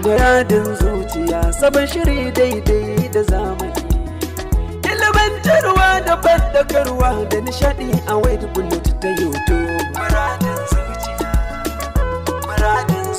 Muradin zuciya sabon shiri daidai da zamani. Ilimantarwa da bandakarwa da nishadi a wayar bullet ta YouTube. Muradin zuciya, muradin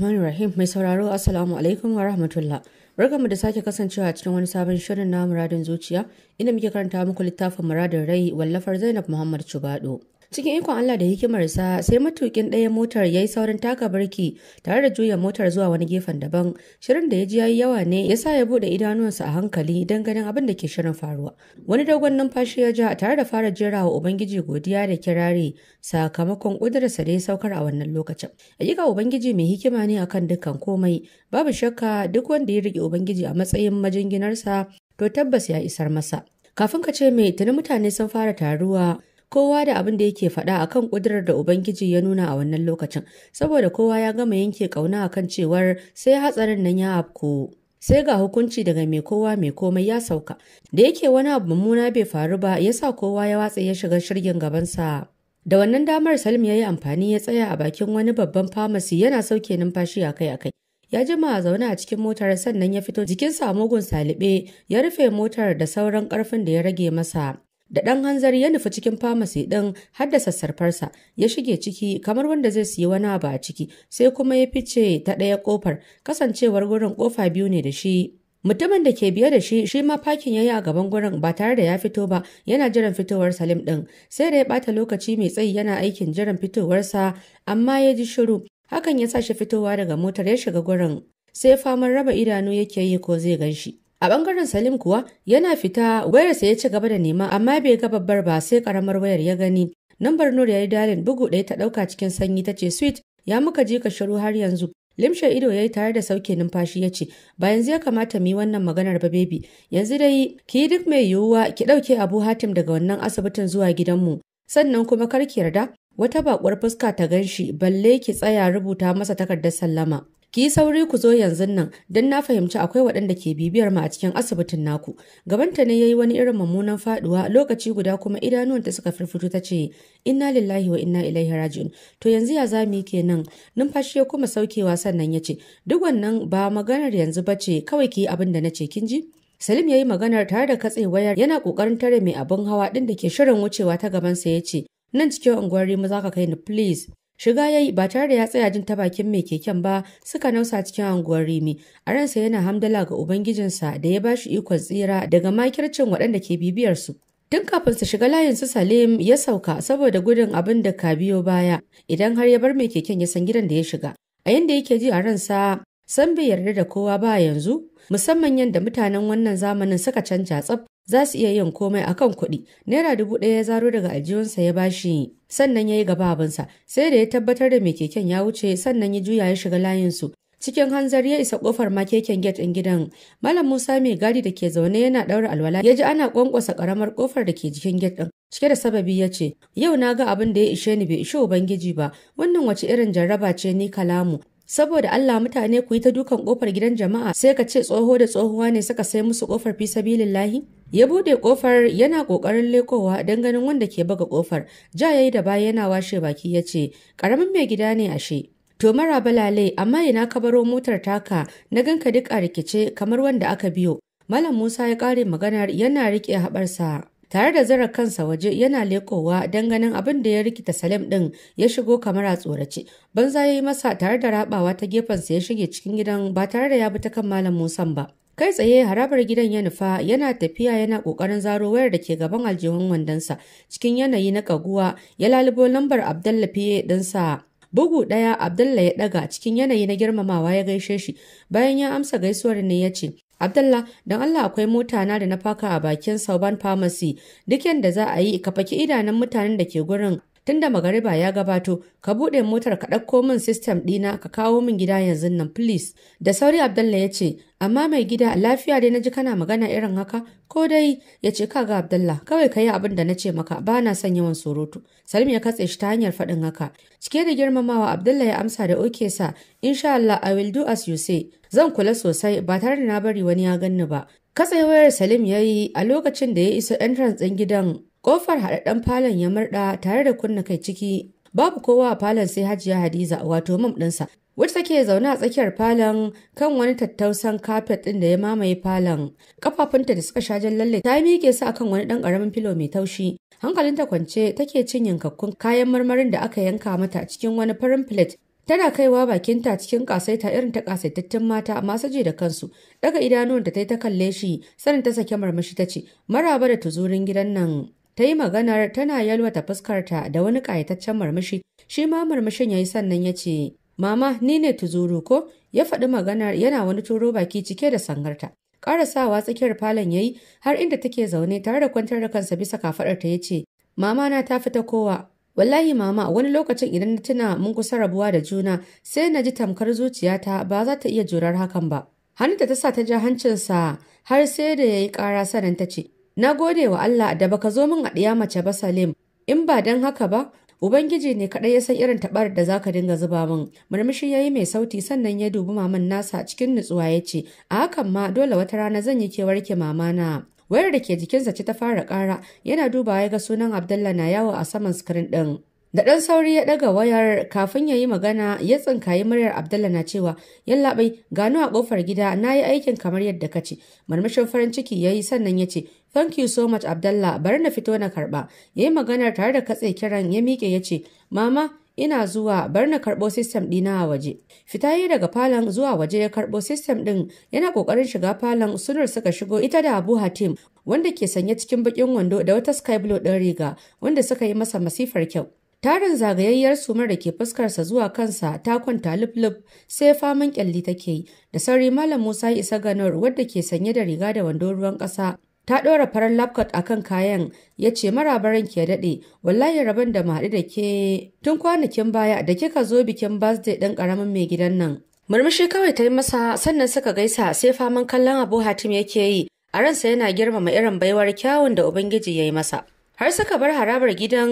zuciya. ar-Rahim mai sauraro Assalamu alaikum wa rahmatullah. Barkanmu da sake kasancewa cikin wani sabon shirin na muradin zuciya inda muke karanta muku littafin muradin rai wallafar Zainab Muhammad Cubado. cikin ikon Allah da hikimarsa sai matukin ɗaya motar ya yi saurin taka barki tare da juya motar zuwa wani gefen daban shirin da ya ji ya yi yawa ne ya sa ya buɗe idanuwansa a hankali don ganin abin da ke shirin faruwa wani dogon numfashi ya ja tare da fara jera wa ubangiji godiya da kirari sakamakon ƙudurarsa da ya saukar a wannan lokacin hakika ubangiji mai hikima ne akan dukkan komai babu shakka duk wanda ya rike ubangiji a matsayin majinginarsa to tabbas ya isar masa kafin ka ce mai tuni mutane sun fara taruwa kowa da abin da yake faɗa a kan ƙudurar da ubangiji ya nuna a wannan lokacin saboda kowa ya gama yanke ƙauna a kan cewar sai hatsarin nan ya afko sai ga hukunci daga mai kowa mai komai ya sauka da yake wani abu mummuna bai faru ba yasa kowa ya watsa ya shiga shirgin gabansa Da wannan damar Salim ya yi amfani ya tsaya a bakin wani babban famasi yana sauke numfashi a kai-a kai. Ya jima a zaune a cikin motar sannan ya fito jikinsa a mugun salibe ya rufe motar da sauran karfin da ya rage masa. da ɗan hanzari ya nufi cikin famasi ɗin har da sassarfarsa ya shige ciki kamar wanda zai siyi wani abu a ciki sai kuma ya fice ta ɗaya ƙofar kasancewar gurin ƙofa biyu ne da shi Mutumin da ke biye da shi shi ma fakin ya yi a gaban gurin ba tare da ya fito ba yana jiran fitowar Salim ɗin sai da ya ɓata lokaci mai tsayi yana aikin jiran fitowarsa amma ya ji shiru hakan ya sa shi fitowa daga motar ya shiga gurin sai faman raba idanu yake yi ko zai gan shi. A bangaren Salim kuwa yana fita wayarsa ya ci gaba da nema amma bai ga babbar ba sai karamar wayar ya gani. Nambar Nur ya yi dalin bugu ɗaya ta ɗauka cikin sanyi ta ce sweet ya muka je ka shiru har yanzu. Limshe ido ya yi tare da sauke numfashi ya ce ba yanzu ya kamata mu yi wannan maganar ba baby yanzu dai ki yi duk mai yiwuwa ki ɗauke Abu Hatim daga wannan asibitin zuwa gidanmu. Sannan kuma kar ki yarda wata bakwar fuska ta ganshi balle ki tsaya rubuta masa takardar sallama. Ki yi sauri ku zo yanzu nan don na fahimci akwai waɗanda ke bibiyar mu a cikin asibitin naku. Gabanta ne ya yi wani irin mummunan faduwa lokaci guda kuma ta suka firfito ta ce inna lillahi wa inna ilaihi raji'un. To yanzu ya za mu yi kenan numfashi ya kuma saukewa sannan ya ce duk wannan ba maganar yanzu ba ce kawai ki abin da na ce kin ji? Salim ya yi maganar tare da katse wayar yana ƙoƙarin tare mai abin hawa ɗin da ke shirin wucewa ta gabansa ya ce nan cikin unguwar mu za ka kai ni please Shiga ya yi ba tare da ya tsaya jin ta bakin mai keken ba suka nausa cikin anguwar Rimi. A ransa yana hamdala ga Ubangijinsa da ya bashi ikon tsira daga makircin waɗanda ke bibiyar su. Tun kafin su shiga layin su Salim ya sauka saboda gudun abin da ka biyo baya idan har ya bar mai keken ya san gidan da ya shiga. A yanda yake ji a ransa san bai yarda da kowa ba yanzu musamman yadda mutanen wannan zamanin suka canja tsaf za su iya yin komai akan kuɗi naira dubu ɗaya ya zaro daga aljihunsa ya bashi sannan ya yi gaba abinsa sai da ya tabbatar da mai keken ya wuce sannan ya juya ya shiga layinsu cikin hanzar ya isa kofar makeken gate ɗin gidan malam musa mai gadi da ke zaune yana ɗaura alwala ya ji ana ƙwanƙwasa ƙaramar kofar da ke jikin gate ɗin. cike da sababi ya ce yau na ga abin da ya ishe ni bai ishe ubangiji ba wannan wace irin jarraba ce ni kalamu saboda Allah mutane ku yi ta dukan kofar gidan jama'a sai ka ce tsoho da tsohuwa ne suka sai musu kofar fi sabilillahi ya bude kofar yana kokarin lekowa don ganin wanda ke buga kofar ja yayi da baya yana washe baki ya ce karamin mai gida ne ashe to mara balale amma ina ka baro motar taka na ganka duk a rikice kamar wanda aka biyo malam musa ya kare maganar yana rike haɓarsa tare da zarar kansa waje yana lekowa don ganin abin da ya rikita salim din ya shigo kamar a tsorace banza ya yi masa tare da rabawa ta gefensa ya shige cikin gidan ba tare da ya bi ta kan malam musan ba Kai tsaye harabar gidan ya nufa yana tafiya yana ƙoƙarin zaro wayar da ke gaban aljihun wandonsa cikin yanayi na kaguwa ya lalubo lambar Abdalla fiye ɗinsa. Bugu ɗaya Abdalla ya ɗaga cikin yanayi na girmamawa ya gaishe shi bayan ya amsa gaisuwar ne ya ce Abdullahi, don Allah akwai mota na da na faka a bakin Sauban Pharmacy, duk yadda za a yi ka faki idanun mutanen da ke gurin tunda magariba ya gabato ka buɗe motar ka ɗauko min sistem ɗina ka kawo min gida yanzu nan please da sauri abdallah ya ce amma mai gida lafiya dai na ji kana magana irin haka ko dai ya ce kaga abdallah kawai ka yi abin da na ce maka ba na son yawan surutu salim ya katse shi ta hanyar faɗin haka cike da girmamawa abdallah ya amsa da oke sa insha allah i will do as you say zan kula sosai ba tare da na bari wani ya ganni ba wayar salim ya yi a lokacin da ya iso entrance ɗin gidan Ƙofar haɗaɗɗen falon ya murɗa tare da kunna kai ciki. Babu kowa a falon sai Hajiya Hadiza wato mam ɗinsa. Wacce take zaune a tsakiyar falon kan wani tattausan kafet ɗin da ya mamaye falon. Kafafunta da suka sha jan lalle ta miƙe su akan wani ɗan ƙaramin filo mai taushi. Hankalinta kwance take cin yankakkun kayan marmarin da aka yanka mata cikin wani farin plate tana kaiwa bakinta cikin ƙasaita irin ta kasaitattun mata masu saje da kansu daga idanuwan ta yi ta kalle shi sanin ta sake marmashi ta ce maraba da tuzurin gidan nan ta yi maganar tana yalwata fuskarta da wani ƙayataccen murmushi shi ma murmushin ya yi sannan ya ce mama ni ne tuzuru ko ya faɗi maganar yana wani turo baki cike da sangarta ƙarasawa tsakiyar falon ya yi har inda take zaune tare da kwantar da kansa bisa ta ya ce mama na ta fita kowa wallahi mama wani lokacin idan na tuna mun kusa rabuwa da juna sai na ji tamkar zuciyata ba za ta iya jurar hakan ba hannunta ta sa ta ja hancinsa har sai da ya yi ƙara sanin ta ce Na gode wa Allah da baka zo min a ɗiya mace ba Salim, in ba don haka ba, Ubangiji ne kaɗai ya san irin taɓar da za ka dinga zuba min. Murmushi ya yi mai sauti sannan ya dubi maman nasa cikin nutsuwa ya ce, a hakan ma dole wata rana zan yi kewar ki mamana. Wayar da ke jikinsa ce ta fara ƙara, yana dubawa ya ga sunan Abdullahi na yawo a saman sikirin ɗin. Da ɗan sauri ya ɗaga wayar kafin ya yi magana ya tsinkayi muryar Abdullahi na cewa yallaɓai gano a ƙofar gida na yi aikin kamar yadda ka ce. Marmashin farin ciki ya yi sannan ya ce Thank you so much Abdallah, bar na fito na karba. Ya yi maganar tare da katse kiran ya miƙe ya ce, Mama, ina zuwa bar na karɓo sistem ɗina a waje. Fita yi daga falon zuwa waje ya karɓo sistem ɗin yana ƙoƙarin shiga falon sunar suka shigo ita da Abu Hatim wanda ke sanye cikin bakin wando da wata sky blue ɗin riga wanda suka yi masa masifar kyau. Tarin zagayayyar sumar da ke fuskarsa zuwa kansa ta kwanta lif-lif sai faman kyalli take yi. Da sauri Malam Musa isa ganar wadda ke sanye da riga da wando ruwan ƙasa ta ɗora farar lapcot a kan kayan ya ce marabaran ke daɗe wallahi rabin da haɗu da ke tun kwanakin baya da kika zo bikin birthday ɗin ƙaramin mai gidan nan murmushi kawai ta yi masa sannan suka gaisa sai faman kallon abu hatim yake yi a ransa yana girmama irin baiwar kyawun da ubangiji ya yi masa har suka bar harabar gidan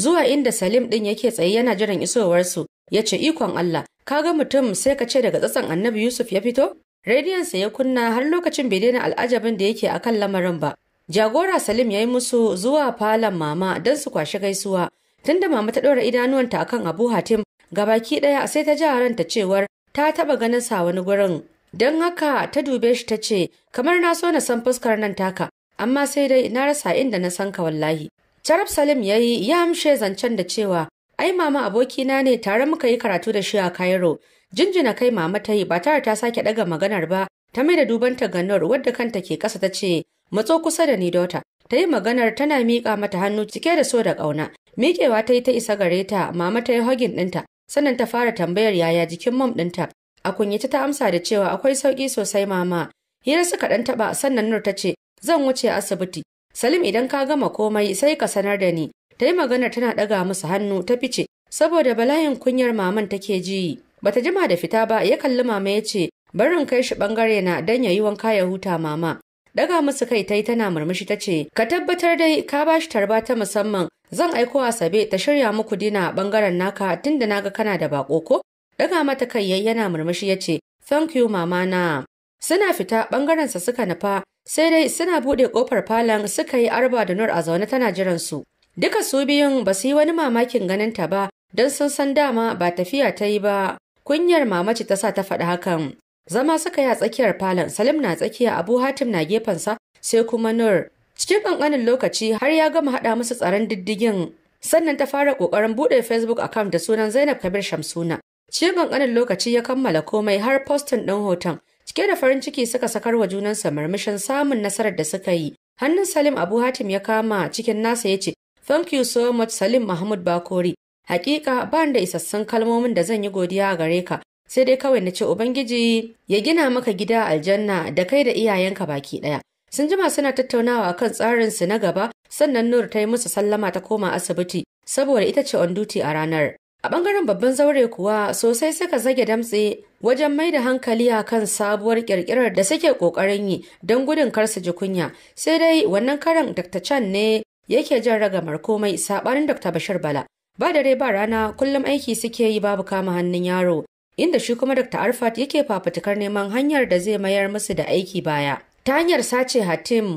zuwa inda salim ɗin yake tsaye yana jiran isowarsu ya ce ikon allah ka ga mutum sai ka ce daga tsatsan annabi yusuf ya fito rediyon sa ya kunna har lokacin bai daina al'ajabin da yake akan lamarin ba. Jagora Salim ya yi musu zuwa falon mama don su kwashi gaisuwa. Tunda mama ta ɗora idanuwanta akan Abu Hatim, baki ɗaya sai ta ji ranta cewar ta taba ganin sa wani gurin. Don haka ta dube shi ta ce, kamar na so na san fuskar nan taka, amma sai dai na rasa inda na san ka wallahi. Charab Salim ya yi ya amshe zancen da cewa, ai mama abokina ne tare muka yi karatu da shi a Cairo. Jinjina kai mama ta yi ba tare ta sake daga maganar ba, ta mai da dubanta ga Nur wadda kanta ke kasa ta ce, "Matso kusa da ni dota." Ta yi maganar tana miƙa mata hannu cike da so da ƙauna. Miƙewa ta yi ta isa gare ta, mama ta yi hogin ɗinta, sannan ta fara tambayar yaya jikin mom ɗinta. A kunyata ta amsa da cewa akwai sauki sosai mama. Hira suka ɗan taɓa sannan Nur ta ce, "Zan wuce asibiti." Salim idan ka gama komai sai ka sanar da ni. Ta yi maganar tana ɗaga musu hannu ta fice saboda bala'in kunyar maman take ji. Bata jima da fita ba ya kalli mama ya ce barin kai shi bangare na dan ya yi wanka ya huta mama. Daga musu kai tai tana murmushi ta ce ka tabbatar dai ka ba shi tarba ta musamman zan aiko Asabe ta shirya muku dina a bangaren naka tunda naga kana da bako ko. Daga mata kai yana murmushi ya ce thank you mama na. Suna fita ɓangarensa suka nufa sai dai suna buɗe kofar falon suka yi arba da nur a zaune tana jiran su. Duka su biyun ba su yi wani mamakin ganin ta ba don sun san dama ba tafiya ta yi ba Kunyar mama ce ta sa ta faɗi hakan. Zama suka yi a tsakiyar falon, Salim na tsakiya, Abu Hatim na gefensa, sai kuma Nur. Cikin ƙanƙanin lokaci har ya gama haɗa musu tsaron diddigin. Sannan ta fara ƙoƙarin buɗe Facebook account da sunan Zainab Kabir Shamsuna. Cikin ƙanƙanin lokaci ya kammala komai har postin ɗin hoton. Cike da farin ciki suka sakar wa junansa marmishin samun nasarar da suka yi. Hannun Salim Abu Hatim ya kama cikin nasa ya ce, Thank you so much Salim Mahmud Bakori. Hakika ba da isassun kalmomin da zan yi godiya a gare ka, sai dai kawai na ce Ubangiji ya gina maka gida aljanna da kai da iyayenka baki ɗaya. Sun jima suna tattaunawa kan tsarin su na gaba, sannan Nur ta yi musu sallama ta koma asibiti saboda ita ce on duty a ranar. A ɓangaren babban zaure kuwa sosai suka zage damtse wajen mai da hankali a kan sabuwar ƙirƙirar da suke ƙoƙarin yi don gudun kar su ji kunya. Sai dai wannan karan Dr. Chan ne yake jan ragamar komai saɓanin Dr. Bashir Bala ba dare ba rana kullum aiki suke yi babu kama hannun yaro inda shi kuma Dr. Arfat yake fafutukar neman hanyar da zai mayar musu da aiki baya ta hanyar sace Hatim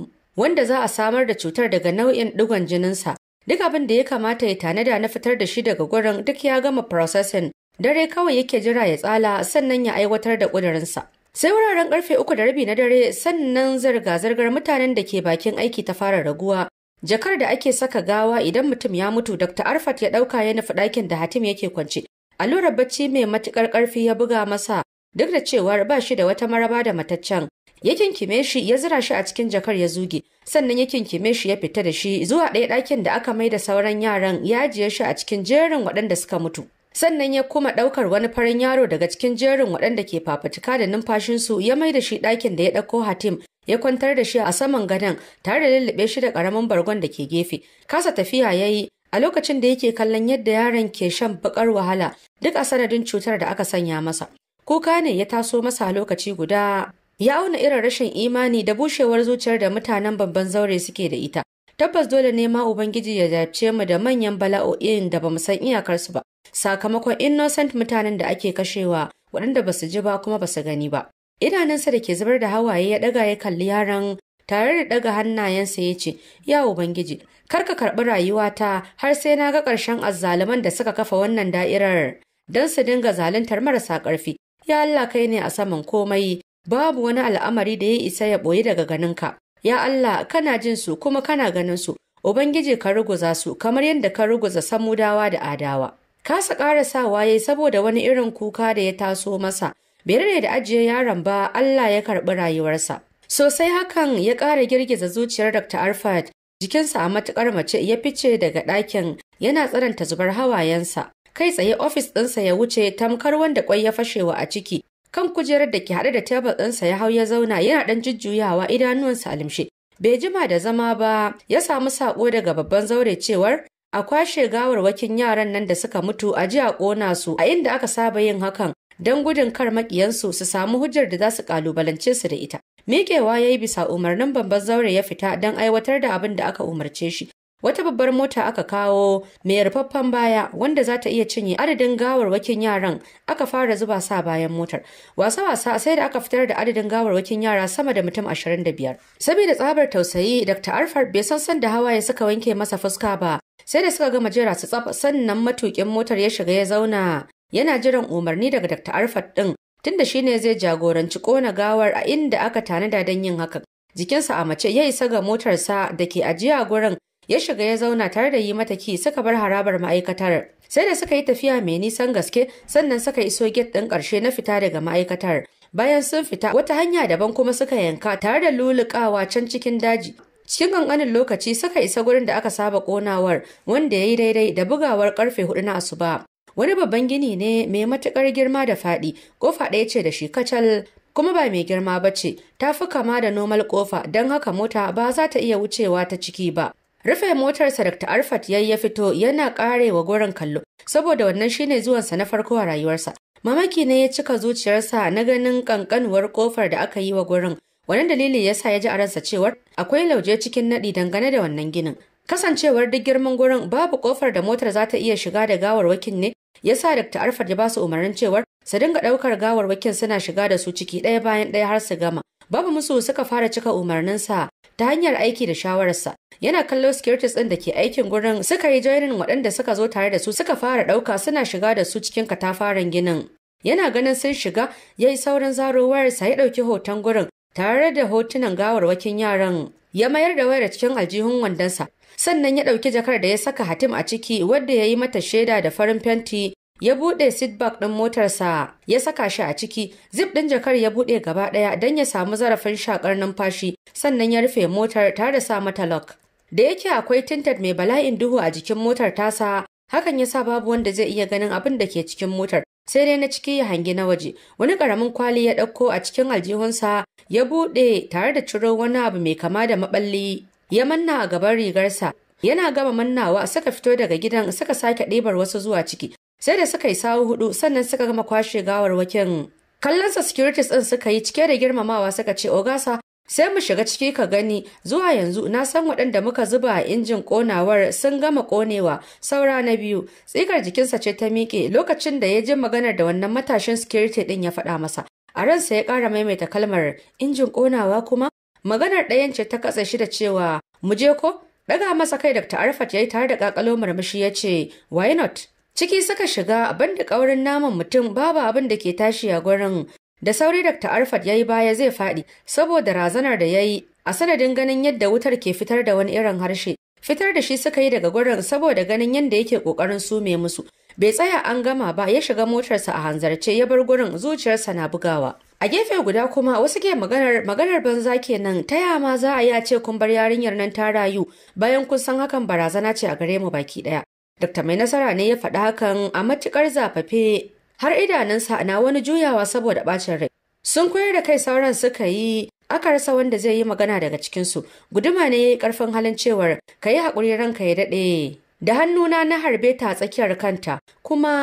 wanda za a samar da cutar daga nau'in digon jininsa duk abin da ya kamata ya tanada na fitar da shi daga gurin duk ya gama processing dare kawai yake jira ya tsala sannan ya aiwatar da kudurinsa. Sai wuraren karfe uku da rabi na dare sannan zirga-zirgar mutanen da ke bakin aiki ta fara raguwa Jakar da ake saka gawa idan mutum ya mutu Dr. Arfat ya ɗauka ya nufi ɗakin da Hatim yake kwance. Allurar bacci mai matuƙar ƙarfi ya buga masa duk da cewar ba shi da wata maraba da mataccen. Ya kinkime shi ya zira shi a cikin jakar ya zuge, sannan ya kinkime shi ya fita da shi zuwa ɗaya ɗakin da aka mai da sauran yaran ya ajiye shi a cikin jerin waɗanda suka mutu. Sannan ya kuma ɗaukar wani farin yaro daga cikin jerin waɗanda ke fafutuka da numfashinsu ya mai da shi ɗakin da ya ɗauko Hatim ya kwantar da shi a saman gadon tare da lullube shi da karamin bargon da ke gefe kasa tafiya ya yi a lokacin da yake kallon yadda yaron ke shan bakar wahala duk a sanadin cutar da aka sanya masa kuka ne ya taso masa a lokaci guda ya auna irin rashin imani da bushewar zuciyar da mutanen babban zaure suke da ita tabbas dole ne ma ubangiji ya dace mu da manyan bala'o'in da bamu san iyakarsu ba sakamakon innocent mutanen da ake kashewa waɗanda basu ji ba kuma basu gani ba idanunsa da ke zubar da hawaye ya ɗaga ya kalli yaran tare da ɗaga hannayensa ya ce ya ubangiji kar ka karɓi rayuwata har sai na ga ƙarshen azzaluman da suka kafa wannan da'irar don su dinga zaluntar marasa ƙarfi ya Allah kai ne a saman komai babu wani al'amari da ya isa ya ɓoyi daga ganinka ya Allah kana jin su kuma kana ganin su ubangiji ka ruguza su kamar yadda ka ruguza samudawa da adawa kasa ƙara sawa yayi saboda wani irin kuka da ya taso masa bai ne da ajiye yaron ba Allah ya karɓi rayuwarsa sosai hakan ya ƙara girgiza zuciyar Dr. arfad jikinsa a matuƙar mace ya fice daga ɗakin yana tsananta zubar hawayensa kai tsaye ofis ɗinsa ya wuce tamkar wanda ƙwai ya fashewa a ciki kan kujerar da ke haɗe da tebur ɗinsa ya hau ya zauna yana ɗan jujjuyawa idanuwansa a limshe bai jima da zama ba ya samu saƙo daga babban zaure cewar a kwashe gawarwakin yaran nan da suka mutu a jiya a ƙona su a inda aka saba yin hakan don gudun kar makiyansu su samu hujjar da za su kalubalance su da ita. Miƙewa ya yi bisa umarnin babban zaure ya fita don aiwatar da abin da aka umarce shi. Wata babbar mota aka kawo mai rufaffen baya wanda za ta iya cinye adadin gawarwakin yaran aka fara zuba sa bayan motar. Wasa-wasa sai da aka fitar da adadin gawarwakin yara sama da mutum ashirin da biyar. Saboda tsabar tausayi, Dr. Arfar bai san san da ya suka wanke masa fuska ba. Sai da suka gama jira su tsaf sannan matukin motar ya shiga ya zauna yana jiran umarni daga Dr. Arfat ɗin, tunda shine zai jagoranci kona gawar a inda aka tanada don yin hakan. Jikinsa a mace ya isa ga motarsa da ke ajiya gurin ya shiga ya zauna tare da yi mata ki suka bar harabar ma'aikatar. Sai da suka yi tafiya mai nisan gaske sannan suka iso get ɗin ƙarshe na fita daga ma'aikatar. Bayan sun fita wata hanya daban kuma suka yanka tare da lulukawa can cikin daji. Cikin ƙanƙanin lokaci suka isa gurin da aka saba ƙonawar wanda ya yi daidai da bugawar ƙarfe hudu na asuba. Wani babban gini ne mai matuƙar girma da faɗi, ƙofa ɗaya ce da shi kacal kuma ba mai girma ba ce, ta fi kama da nomal ƙofa don haka mota ba za ta iya wucewa ta ciki ba. Rufe motarsa Dr. Arfat ya ya fito yana ƙarewa gurin kallo, saboda wannan shine zuwansa na farko a rayuwarsa. Mamaki ne ya cika zuciyarsa na ganin ƙanƙanuwar ƙofar da aka yi wa gurin, wani dalili ya sa ya ji a ransa cewar akwai lauje cikin naɗi dangane da wannan ginin. Kasancewar duk girman gurin babu ƙofar da motar za ta iya shiga da gawarwakin ne ya sa Dr. Arfat ya ba su umarnin cewar su dinga ɗaukar gawarwakin suna shiga da su ciki ɗaya bayan ɗaya har su gama. Babu musu suka fara cika umarninsa ta hanyar aiki da shawararsa. Yana kallo securities ɗin da ke aikin gurin suka yi joinin waɗanda suka zo tare da su suka fara ɗauka suna shiga da su cikin katafaren ginin. Yana ganin sun shiga ya yi saurin zarowar sa, ya ɗauki hoton gurin tare da hotunan gawarwakin yaran ya mayar da wayar cikin aljihun wandonsa sannan ya ɗauki jakar da ya saka hatim a ciki wadda ya yi mata shaida da farin fenti ya buɗe seatback ɗin motarsa ya saka shi a ciki zip ɗin jakar ya buɗe gaba ɗaya don ya samu zarafin shakar numfashi sannan ya rufe motar tare da sa mata lock da yake akwai tinted mai bala'in duhu a jikin motar tasa hakan ya sa babu wanda zai iya ganin abin da ke cikin motar sai dai na ciki ya hangi na waje wani karamin kwali ya ɗauko a cikin aljihunsa ya buɗe tare da ciro wani abu mai kama da maɓalli ya manna a gaban rigarsa yana gama mannawa suka fito daga gidan suka sake ɗebar wasu zuwa ciki sai da suka yi sawu hudu sannan suka gama kwashe gawarwakin kallonsa securities ɗin suka yi cike da girmamawa suka ce ogasa sai mu shiga ciki ka gani zuwa yanzu na san waɗanda muka zuba a injin ƙonawar sun gama ƙonewa saura na biyu tsikar jikinsa ce ta miƙe lokacin da ya ji maganar da wannan matashin security ɗin ya faɗa masa a ransa ya ƙara maimaita kalmar injin ƙonawa kuma maganar ɗayan ce ta katse shi da cewa mu je ko daga masa kai dr arfat ya yi tare da ƙaƙalo murmushi ya ce why not ciki suka shiga abin da ƙaurin naman mutum babu abin da ke tashi a gurin Da sauri Dr. Arfat ya yi baya zai faɗi saboda razanar da ya yi a sanadin ganin yadda wutar ke fitar da wani irin harshe. Fitar da shi suka yi daga gurin saboda ganin yadda yake ƙoƙarin sume musu. Bai tsaya an gama ba ya shiga motarsa a hanzarce ya bar gurin zuciyarsa na bugawa. A gefe guda kuma wasu ke maganar maganar banza kenan ta ma za a yi a ce kun bar yarinyar nan ta rayu bayan kun san hakan barazana ce a gare mu baki daya. Dr. Mai Nasara ne ya faɗi hakan a matukar zafafe har idanunsa na wani juyawa saboda bacin rai sun koyar da kai sauran suka yi aka rasa wanda zai yi magana daga cikinsu guduma ne ya yi ƙarfin halin cewar ka yi haƙuri ranka ya daɗe da hannuna na harbe ta tsakiyar kanta kuma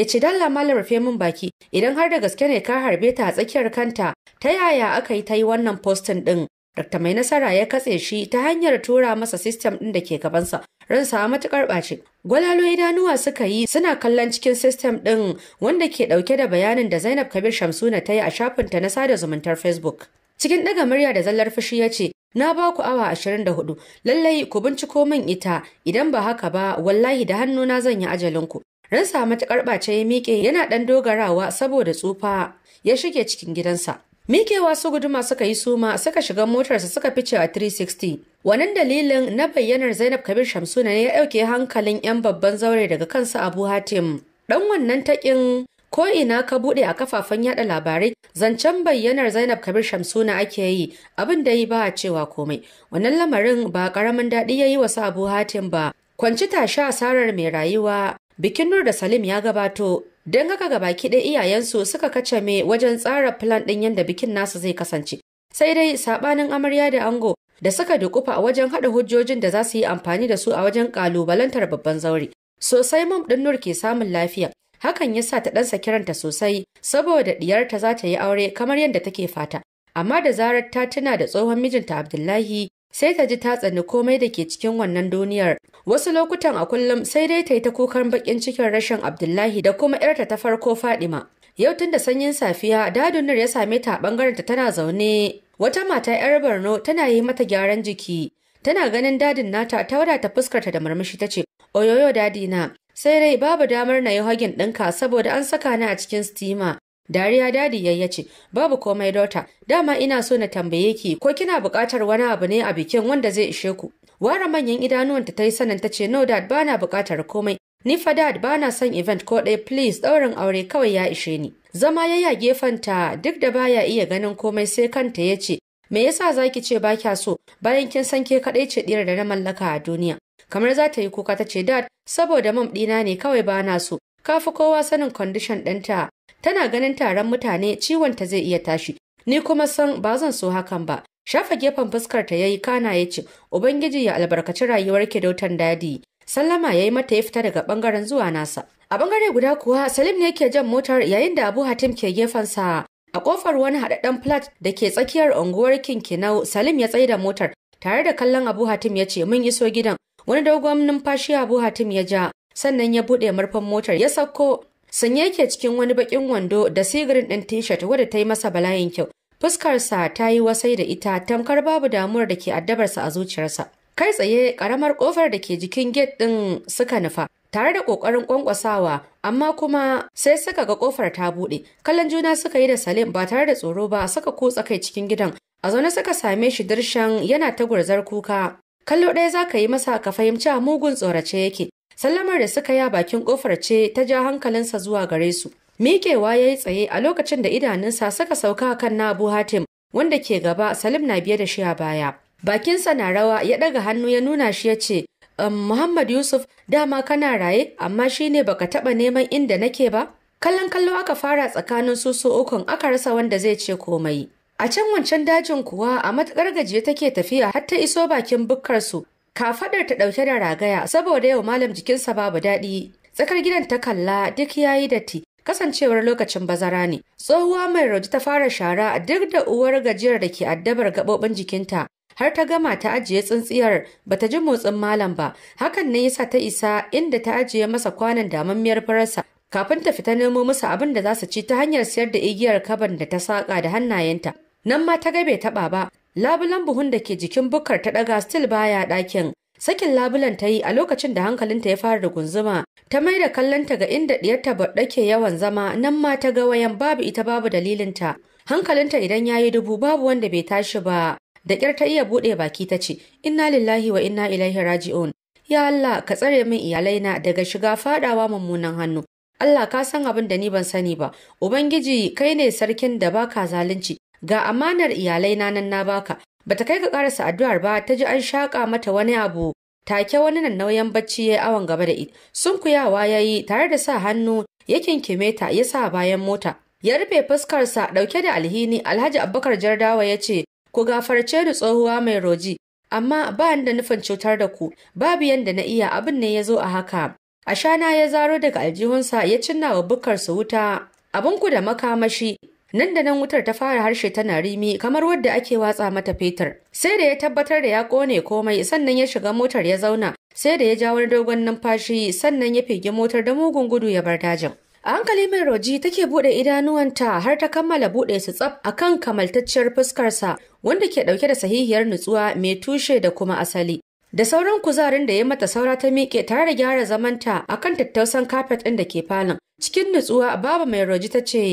ya ce dalla malam rufe min baki idan har da gaske ne ka harbe ta tsakiyar kanta ta yaya aka yi ta yi wannan postin ɗin Dr. Mai Nasara ya katse shi ta hanyar tura masa sistem ɗin da ke gabansa ransa matukar ɓace, Gwalalo idanuwa suka yi suna kallon cikin sistem ɗin wanda ke ɗauke da bayanin da Zainab Kabir Shamsuna ta yi a shafinta na sada zumuntar Facebook. Cikin ɗaga murya da zallar fushi ya ce, Na ba ku awa ashirin da hudu, lallai ku binciko min ita, idan ba haka ba wallahi da hannuna zan yi ajalinku. Ransa matukar ɓace ya miƙe yana ɗan dogarawa saboda tsufa ya shige cikin gidansa. Mikewa su guduma suka yi suma suka shiga motarsa suka fice a 360. Wannan dalilin na bayyanar Zainab Kabir Shamsuna ne ya ɗauke hankalin 'yan babban zaure daga kansa Abu Hatim. Ɗan wannan taƙin ko ina ka buɗe a kafafen yada labarai zancen bayyanar Zainab Kabir Shamsuna ake yi abin da yi ba a cewa komai. Wannan lamarin ba ƙaramin daɗi ya yi wa Abu Hatim ba. Kwanci tashi asarar mai rayuwa Bikin Nur da Salim ya gabato don haka ga baki ɗaya iyayensu suka kace me wajen tsara plan ɗin yadda bikin nasu zai kasance. Sai dai saɓanin amarya da ango da suka dukufa a wajen haɗa hujjojin da za su yi amfani da su a wajen ƙalubalantar babban zaure. Sosai mom ɗin Nur ke samun lafiya. Hakan ya sa ta ɗansa kiranta sosai saboda ɗiyarta za ta yi aure kamar yadda take fata. Amma da zarar ta tuna da tsohon mijinta Abdullahi sai ta ji ta tsani komai da ke cikin wannan duniyar wasu lokutan a kullum sai dai ta yi ta kukan bakin cikin rashin abdullahi da kuma yarta ta farko fadima yau tun da sanyin safiya dadunir ya same ta bangaren ta tana zaune wata mata yar borno tana yi mata gyaran jiki tana ganin dadin nata ta wadata fuskarta da murmushi ta ce oyoyo na sai dai babu damar na yi hagin dinka saboda an saka ni a cikin stima Dariya dadi yayya ce, "Babu komai dota, dama ina so na tambaye ki ko kina buƙatar wani abu ne a bikin wanda zai ishe ku?" ware manyan idanuwanta ta yi sanin ta ce no dad bana bukatar komai ni fa dad bana son event ko ɗaya please ɗaurin aure kawai ya ishe ni zama ya ya gefenta duk da baya iya ganin komai sai kanta ya ce me yasa ki ce ba kya so bayan kin san ke kaɗai ce ɗiyar da na mallaka a duniya kamar za ta yi kuka ta ce dad saboda mam ɗina ne kawai ba na so kafi kowa sanin kwandishan ɗinta tana ganin taron mutane ciwon ta zai iya tashi ni kuma san ba zan so hakan ba Shafa gefen fuskar ta yayi kana ya ce, Ubangiji ya albarkaci rayuwar ki dautan dadi. Sallama ya yi mata ya fita daga bangaren zuwa nasa. A bangare guda kuwa Salim ne ke jan motar yayin da Abu Hatim ke sa. A kofar wani haɗaɗɗen flat da ke tsakiyar unguwar Kinkinau, Salim ya tsaida motar tare da kallon Abu Hatim ya ce mun iso gidan. Wani dogon numfashi Abu Hatim ya ja, sannan ya buɗe murfin motar ya sauko. Sanye yake cikin wani baƙin wando da sigirin ɗin t-shirt wadda ta yi masa bala'in kyau. Fuskarsa ta yi wasai da ita tamkar babu damuwar da ke addabarsa a zuciyarsa. Kai tsaye ƙaramar ƙofar da ke jikin get ɗin suka nufa tare da ƙoƙarin ƙwanƙwasawa amma kuma sai suka ga ƙofar ta buɗe. Kallon juna suka yi da Salim ba tare da tsoro ba suka kutsa kai cikin gidan. A zaune suka same shi dirshan yana ta gurzar kuka. Kallo ɗaya za ka yi masa ka fahimci a mugun tsorace yake. Sallamar da suka yi a bakin ƙofar ce ta ja hankalinsa zuwa gare su. mikewa ya yi tsaye a lokacin da idanunsa suka sauka kan na abu hatim wanda ke gaba salim na biye da shi a baya bakinsa na rawa ya ɗaga hannu ya nuna shi ya ce um, muhammad yusuf dama kana raye amma shi ne baka taɓa neman inda nake ba kallon kallo aka fara tsakanin su su ukun aka rasa wanda zai ce komai a can wancan dajin kuwa a matuƙar gajiya take tafiya har ta iso bakin bukkarsu kafadar ta ɗauke da ragaya saboda yau malam jikinsa babu daɗi tsakar gidan ta kalla duk yayi datti kasancewar lokacin bazara ne tsohuwa mai rauji ta fara shara duk da uwar gajiyar da ke addabar gaɓoɓin jikinta har ta gama ta ajiye tsintsiyar ta ji motsin malam ba hakan ne yasa ta isa inda ta ajiye masa kwanan damammiyar farasa. kafin ta fita nemo musu abin da za su ci ta hanyar siyar da igiyar kabar da ta saƙa da hannayenta nan ma ta gabe taɓa ba labulan buhun da ke jikin bukar ta ɗaga stil baya ɗakin Sakin labulan ta yi a lokacin da hankalinta ya fara gunzuma, ta mai da kallonta ga inda diyarta baɗa ke yawan zama, nan ma ta ga wayan babu ita babu dalilinta. Hankalinta idan ya yi dubu babu wanda bai tashi ba. Da ƙyar ta iya buɗe baki ta ce, Inna lillahi wa inna ilaihi raji'un. Ya Allah, ka tsare min iyalaina daga shiga faɗawa mummunan hannu. Allah ka san abin da ni ban sani ba, Ubangiji kai ne sarkin da baka zalunci, ga amanar iyalaina nan na baka, Bata kai ka karasa addu'ar ba ta ji an shaƙa mata wani abu take wani nan nauyin bacci ya awon gaba da ita. Sunkuyawa ya yi tare da sa hannu ya kinkime ta ya sa bayan mota. Ya rufe fuskarsa ɗauke da alhini Alhaji Abubakar Jardawa ya ce ku gafarce ni tsohuwa mai roji amma ba da nufin cutar da ku babu yanda na iya abin ne ya zo a haka. Ashana ya zaro daga aljihunsa ya cinna wa bukarsa wuta abinku da makamashi nan da nan wutar ta fara harshe tana rimi kamar wadda ake watsa mata fetur sai da ya tabbatar da ya kone komai sannan ya shiga motar ya zauna sai da ya ja wani dogon numfashi sannan ya fige motar da mugun gudu ya bar dajin a hankali mai roji take bude idanuwanta har ta kammala buɗe su tsaf akan kamaltacciyar fuskarsa wanda ke ɗauke da sahihiyar nutsuwa mai tushe da kuma asali da sauran kuzarin da ya mata saura ta miƙe tare da gyara zamanta akan tattausan kafet ɗin da ke falon cikin nutsuwa baba mai roji ta ce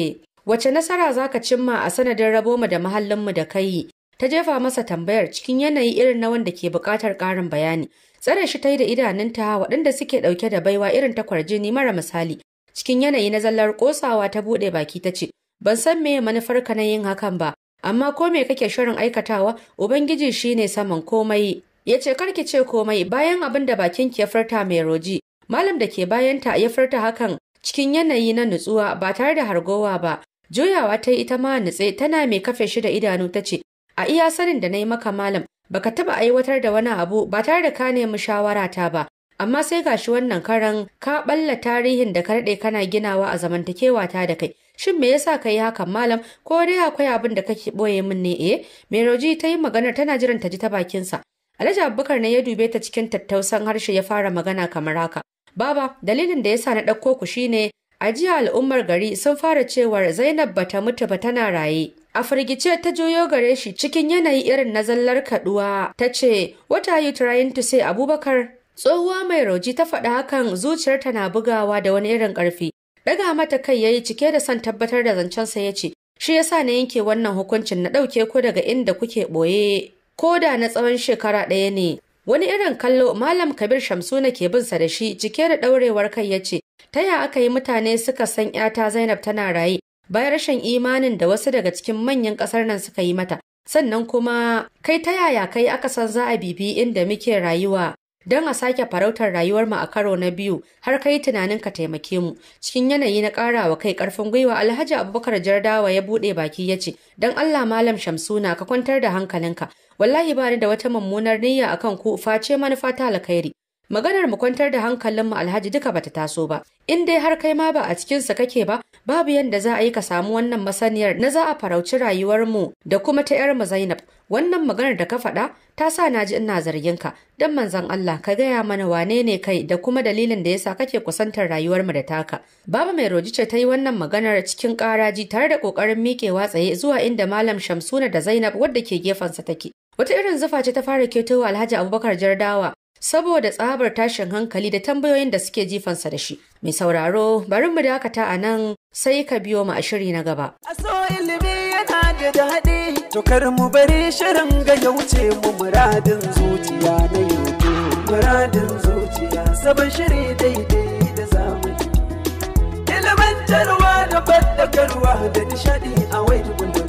Wace nasara za ka cimma a sanadin rabo mu da mahallinmu da kai? Ta jefa masa tambayar cikin yanayi irin na wanda ke buƙatar ƙarin bayani. Tsare shi ta yi da idanunta waɗanda suke ɗauke da baiwa irin ta kwarjini mara misali. Cikin yanayi na zallar ƙosawa ta buɗe baki ta ce, Ban san me manufar ka na yin hakan ba, amma ko me kake shirin aikatawa, Ubangiji shi ne saman komai. Ya ce karki ce komai bayan abin da bakin ya furta mai roji. Malam da ke bayanta ya furta hakan cikin yanayi na nutsuwa ba tare da hargowa ba Juyawa ta yi ita ma nutse tana mai kafe shi da idanu ta ce, A iya sanin da na yi maka malam, baka taba aiwatar da wani abu ba tare da ka nemi shawara ta ba. Amma sai ga shi wannan karan ka balla tarihin da ka daɗe kana ginawa a zamantakewa ta da kai. Shin me yasa ka yi hakan malam ko dai akwai abin da kake ɓoye min ne e? eh? Roji ta yi maganar tana jiran ta ji ta bakin bakinsa. Alhaji Abubakar ne ya dube ta cikin tattausan harshe ya fara magana kamar haka. Baba, dalilin da yasa na ɗauko ku shine A jiya al'ummar gari sun fara cewar Zainab bata mutu ba tana raye. A firgice ta juyo gare shi cikin yanayi irin na zallar kaduwa ta ce, What are you trying to Abubakar? Tsohuwa mai rauji ta faɗa hakan zuciyarta na bugawa da wani irin ƙarfi. Ɗaga mata kai yayi cike da son tabbatar da zancensa ya ce, Shi yasa na yanke wannan hukuncin na ɗauke ku daga inda kuke ɓoye. Ko da na tsawon shekara ɗaya ne, Wani irin kallo Malam Kabir Shamsuna ke bin sa da shi cike da ɗaurewar kai ya ce, Ta ya aka yi mutane suka san ‘yata Zainab tana raye bayan rashin imanin da wasu daga cikin manyan ƙasar nan suka yi mata. Sannan kuma kai ta yaya kai aka san za a bibi inda muke rayuwa don a sake farautar rayuwar mu a karo na biyu har kai tunanin ka taimake mu cikin yanayi na karawa kai karfin gwiwa Alhaji Abubakar Jardawa ya buɗe baki ya ce Don Allah malam Shamsuna ka kwantar da hankalinka wallahi bani da wata mummunar niyya akan ku face manufa ta alkhairi maganar mu kwantar da hankalin mu alhaji duka bata taso ba in dai har kai ma ba a cikin sa kake ba babu yadda za a yi ka samu wannan masaniyar na za a farauci rayuwar mu da kuma ta 'yar mu zainab wannan maganar da ka faɗa ta sa na ji ina zargin ka dan manzon Allah ka gaya mana wane ne kai da kuma dalilin da yasa kake kusantar rayuwar mu da taka baba mai roji ce ta yi wannan maganar cikin karaji tare da kokarin mikewa tsaye zuwa inda malam Shamsuna da Zainab wadda ke gefansa take wata irin zufa ce ta fara ketowa Alhaji Abubakar Jardawa saboda tsabar tashin hankali da tambayoyin da suke jifansa da shi. Mai sauraro, bari mu dakata a nan sai ka biyo mu a shiri na gaba. Aso ilimi yana da daɗi, to kar mu bari shirin ga ya wuce mu muradin zuciya na yanzu. Muradin zuciya sabon shiri daidai da zamani. Ilimantarwa da faɗakarwa da nishaɗi a wai